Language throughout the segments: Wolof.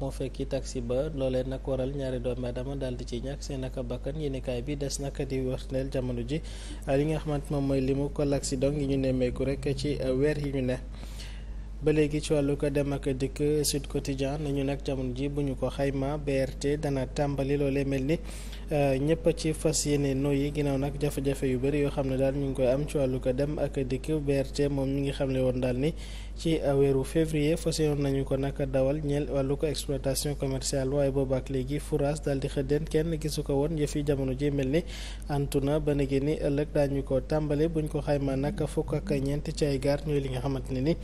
moo fekki taxi ba loolee nag waral ñaari doomu dama daal di ci ñàkk seen naka bakkan yéenekaay bi des naka di warneel jamono ji li nga xamante moom mooy limu ko accident yi ñu nemmeeku rek ci weer yi ñu ne ba léegi ci wàllu ko dem ak dikk Sud Quotidien nañu nag jamono ji bu ñu ko xayma BRT dana tàmbali loolee mel ni euh, ñëpp ci fas yéene noyyi ginnaaw nag jafe-jafe yu bëri yoo xam ne daal ñu ngi koy am ci wàllu ko dem ak dikk BRT moom mi ngi xamle woon daal ni ci weeru février fas yéene nañu ko nag dawal ñeel wàllu ko exploitation commerciale waaye boobu ak léegi fourage daal di xëddeen kenn gisu ko woon yëf yi jamono ji mel ni antu na ba léegi ni ëllëg daañu ko tàmbali buñ ko xayma nag fukk ñeent ci ay gaar li nga xamante ne ni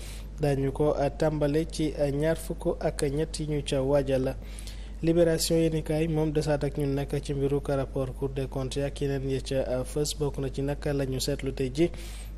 daañu ko eh, tàmbale ci eh, ñaar fukk ak ñett yi ñu ca waajal libération yéenekaay moom desaat ak ñun nag ci mbiru rapport Cour des comptes ak yeneen ya ca eh, fës bokk na ci naka lañu seetlu tey ji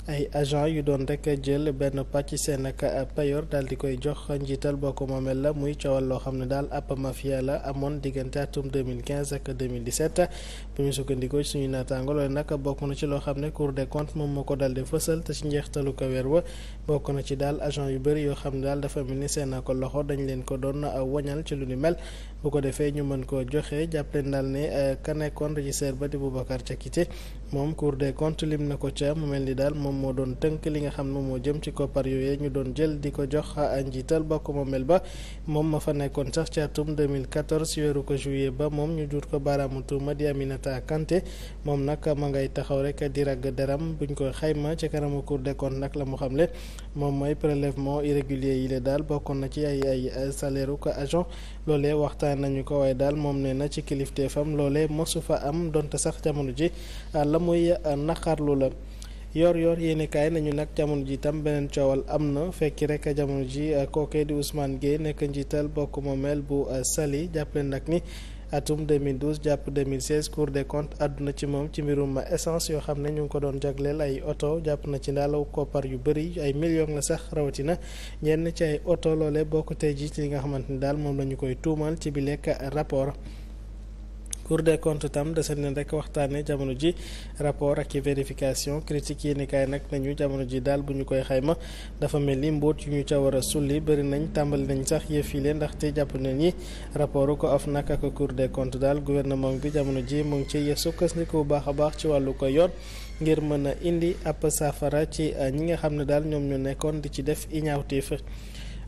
ay agent yu doon rek jël benn pàcc seen ak payor daal di koy jox njiital boo ko moomeel la muy coowal loo xam ne daal ab mafia la amoon diggante atum 2015 ak 2017 bu ñu sukkandikoo ci suñu naataango loolu nag bokk na ci loo xam ne Cour des comptes moom moo ko daal di fësal te ci njeextalu ko weer wa bokk na ci daal agent yu bëri yoo xam ne daal dafa mel ni seen ko loxo dañu leen ko doon wañal ci lu ni mel bu ko defee ñu mën koo joxe jàpp leen daal ne euh, ka nekkoon régisseur ba di Boubacar Diakité moom Cour des comptes lim na ko ca mu mel ni daal moom moo doon tënk li nga xam ne moo jëm ci koppar yooyu ñu doon jël di ko jox njiital bokk moomel ba moom ma fa nekkoon sax ci atum 2014 weeru ko juillet ba moom ñu jur ko baaraamu tuuma di Aminata Kanté moom nag ma ngay taxaw rek di ragg deram buñ ko xayma ci kanamu Cour des comptes nag la mu xamle moom mooy prélèvement irrégulier yi la daal bokkoon na ci ay ay salaire ko agent loolee waxtaan nañu ko waaye daal moom nee na ci kilifteefam loolee mosu fa am donte sax jamono ji la muy naqarlu yor yor yéeni nañu nag jamono ji tam beneen coowal am na fekki rek jamono ji eh, kookee di Ousmane Gueye nekk njiital bokk mel bu eh, Saly jàppale nag ni atum 2012 jàpp 2016 cour des comptes àdduna ci moom ci mbirum essence yoo xam ne ñu ngi ko doon jagleel ay oto jàpp na ci ndaalaw koppar yu bëri ay millions la sax rawatina ñenn ci ay oto loole bokk tey ji ci li nga xamante ni daal moom la ñu koy tuumal ci bi lekk rapport Cour de comptes tam dese nañ rek waxtaanee jamono ji rapport ak vérification critique yi ni kaay nag nañu jamono ji daal bu ñu koy xayma dafa mel ni mbóot yu ñu ca war a sulli bëri nañ tàmbali nañ sax yëf yi ndax te jàpp nañ ni rapport ko af nag ak Cour des comptes daal gouvernement bi jamono ji mu ngi ci sukkandiku bu baax a baax ci wàllu ko yoon. ngir mën a indi ab saafara ci ñi nga xam ne daal ñoom ñu nekkoon di ci def i ñaawteef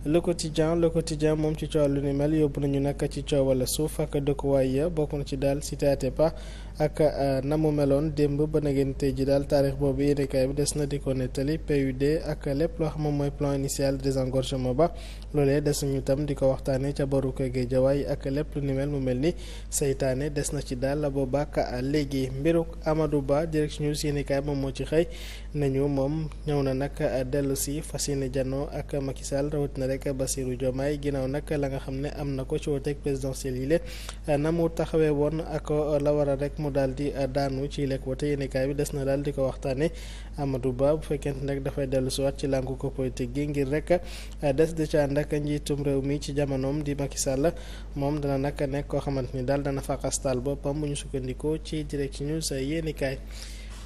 le quotidien le quotidien moom ci coow lu ni mel yóbbu nañu nag ci coow wala suuf ak dëkkuwaay ya bokk na ci daal cité Atepa ak euh, na mu meloon démb ba nageen tey ji daal taarix boobu yéenekaay bi des na di ko nettali PUD ak lépp loo moom mooy plan initial de désengorgement ba loolee des nañu tam di ko waxtaane ca baruk Géejawaay ak lépp lu ni mel mu mel ni seytaane des na ci daal boobaak léegi mbiru Amadou Ba Direct News yéenekaay moom moo ci xëy nañu moom ñëw na nag dellu si fas yéene janoo ak Macky Sall rawatina rek rek Bassirou Diomaye ginnaaw nag la nga xam ne am na ko ci woteeg présidentielle yi la na mu taxawee woon ako la waral rek mu daal di daanu ci lekk wote yéenekaay bi des na daal di ko waxtaane amadu Ba bu fekkente nag dafay dellu siwaat ci làngu ko politique gi ngir rek des di ca ànd njiitum réew mi ci jamonoom di Macky Sall moom dana nag nekk koo xamante ni daal dana faqastal boppam bu ñu sukkandikoo ci ci ñu sa yéenekaay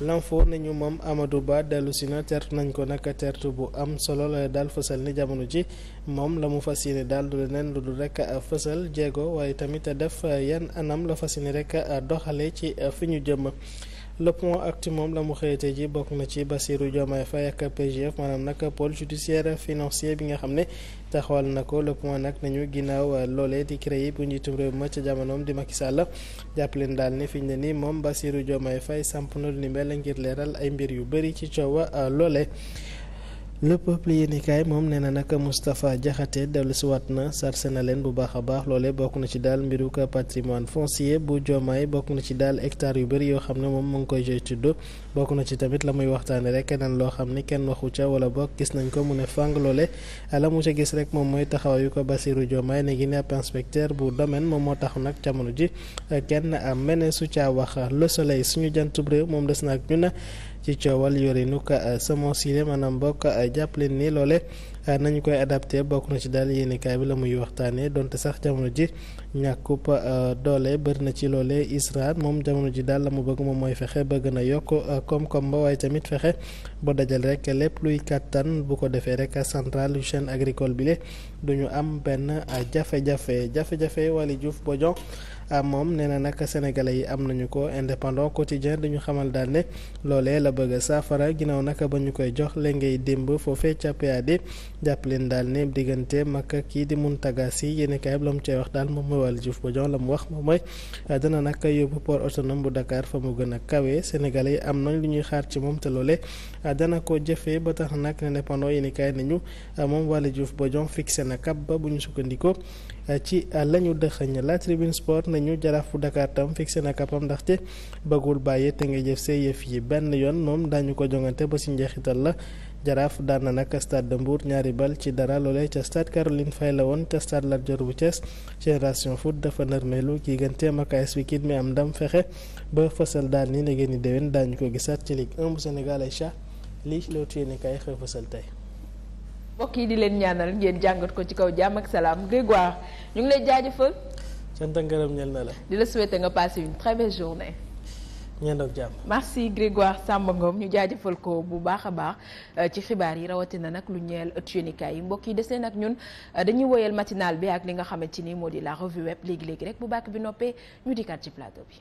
l'info nañu moom Amadou Ba dellu si na tertu nañ ko nag tertu bu am solo la daal fësal ni jamono ji moom la mu fa yéene daal du leneen lu dul rek fësal jéego waaye tamit def yan anam la fas yéene rek doxalee ci fi ñu jëm. le ak actu moom la mu xëyatee ji bokk na ci Bassirou Diomaye Faye ak PGF maanaam nag pôle judiciaire financier bi nga xam ne taxawal na ko le point nag nañu ginnaaw loolee di créé bu njiitum réew ma ca jamonoom di Macky Sall jàpp leen daal ne fi ne nii moom Bassirou Diomaye fay samp na lu ni mel ngir leeral ay mbir yu bëri ci coow lole le peuple yéenikaay moom nee na nag Moustapha Diakhaté dellusiwaat na sarse na leen bu baax a baax loole bokk na ci daal mbiru mbiruka patrimoine foncier bu jomaay bokk na ci daal hectare yu bëri yoo xam ne moom mu ngi koy joy tudd bokk na ci tamit la muy waxtaane rek keneen loo xam ne kenn waxu ca wala bokk gis nañ ko mu ne fàng loole la mu ca gis rek moom mooy taxawaayu ko Bassirou Diomaye ne gi ne ab bu domaine moom moo tax nag jamono ji kenn am mene su caa wax le soleil suñu jantub réew moom des na ak ci coowal yorinuk euh, semence yi maanaam mbokk euh, jàpp leen ni loole Euh, nañu koy adapté bokk na ci daal yéenekaay bi la muy waxtaanee donte sax jamono ji ñàkkub euh, doole bëri na ci loolee Israël moom jamono ji daal la mu bëgg moom mooy fexe bëgg na yokk euh, koom-koom ba waaye tamit fexe ba dajal rek lépp luy kàttan bu ko defee rek centrale yu chaîne agricole bi le duñu am benn jafe-jafe jafe-jafe Waly Diouf Bodian moom nee na nag sénégalais yi am nañu ko indépendant quotidien dañu xamal daal ne loolee la bëgg saafara ginnaaw naka ba ñu koy jox léngay démb foofee ca PAD jàpp leen daal ne diggante mag kii di Mountaga Sy yéen kaay la mu cay wax daal moom mooy wàllu Diouf Bodiang la mu wax moom mooy dana nag yóbbu port autonome bu Dakar fa mu gën a kawe Sénégalais yi am nañ lu ñuy xaar ci moom te loole na ko jëfe ba tax nag indépendant yéen kaay nañu moom wàllu Diouf Bodiang fixé na kap ba bu ñu sukkandikoo ci la ñu dëxëñ la tribune sport nañu jaraaf bu Dakar tam fixé na kapam ndaxte bëggul bàyyee te ngay jëf yi benn yoon moom daañu ko jongante ba njeexital la. jaraaf daan na nag stade de Mbour ñaari bal ci dara loolee ca stade Caroline Faye la woon ca stade Lat Dior bu Thiès génération foot dafa nërmeelu kii ganteem ak mi am ndam fexe ba fësal daan ni léegi ni déwén daañu ko gisaat ci Ligue 1 bu Sénégal ay chat lii loolu yéen kay fësal tey. mbokk yi di leen ñaanal ngeen jàngat ko ci kaw jàmm ak salaam Grégoire ñu ngi lay jaajëfal. sant ngërëm ñel na la. di la souhaiter nga passer une très belle journée. ñeendoog jàmm merci Grégoire Samba ngoom ñu jaajëfal ko bu baax a baax euh, ci xibaar yi rawatina nag lu ñeel ëtt yéenekaay yi mbokk yi des leen ak ñun euh, dañuy woyal matinal bi ak li nga xamante ni moo di la revue web léegi léegi rek bu bàkk bi noppee ñu dikkaat ci plateau bi.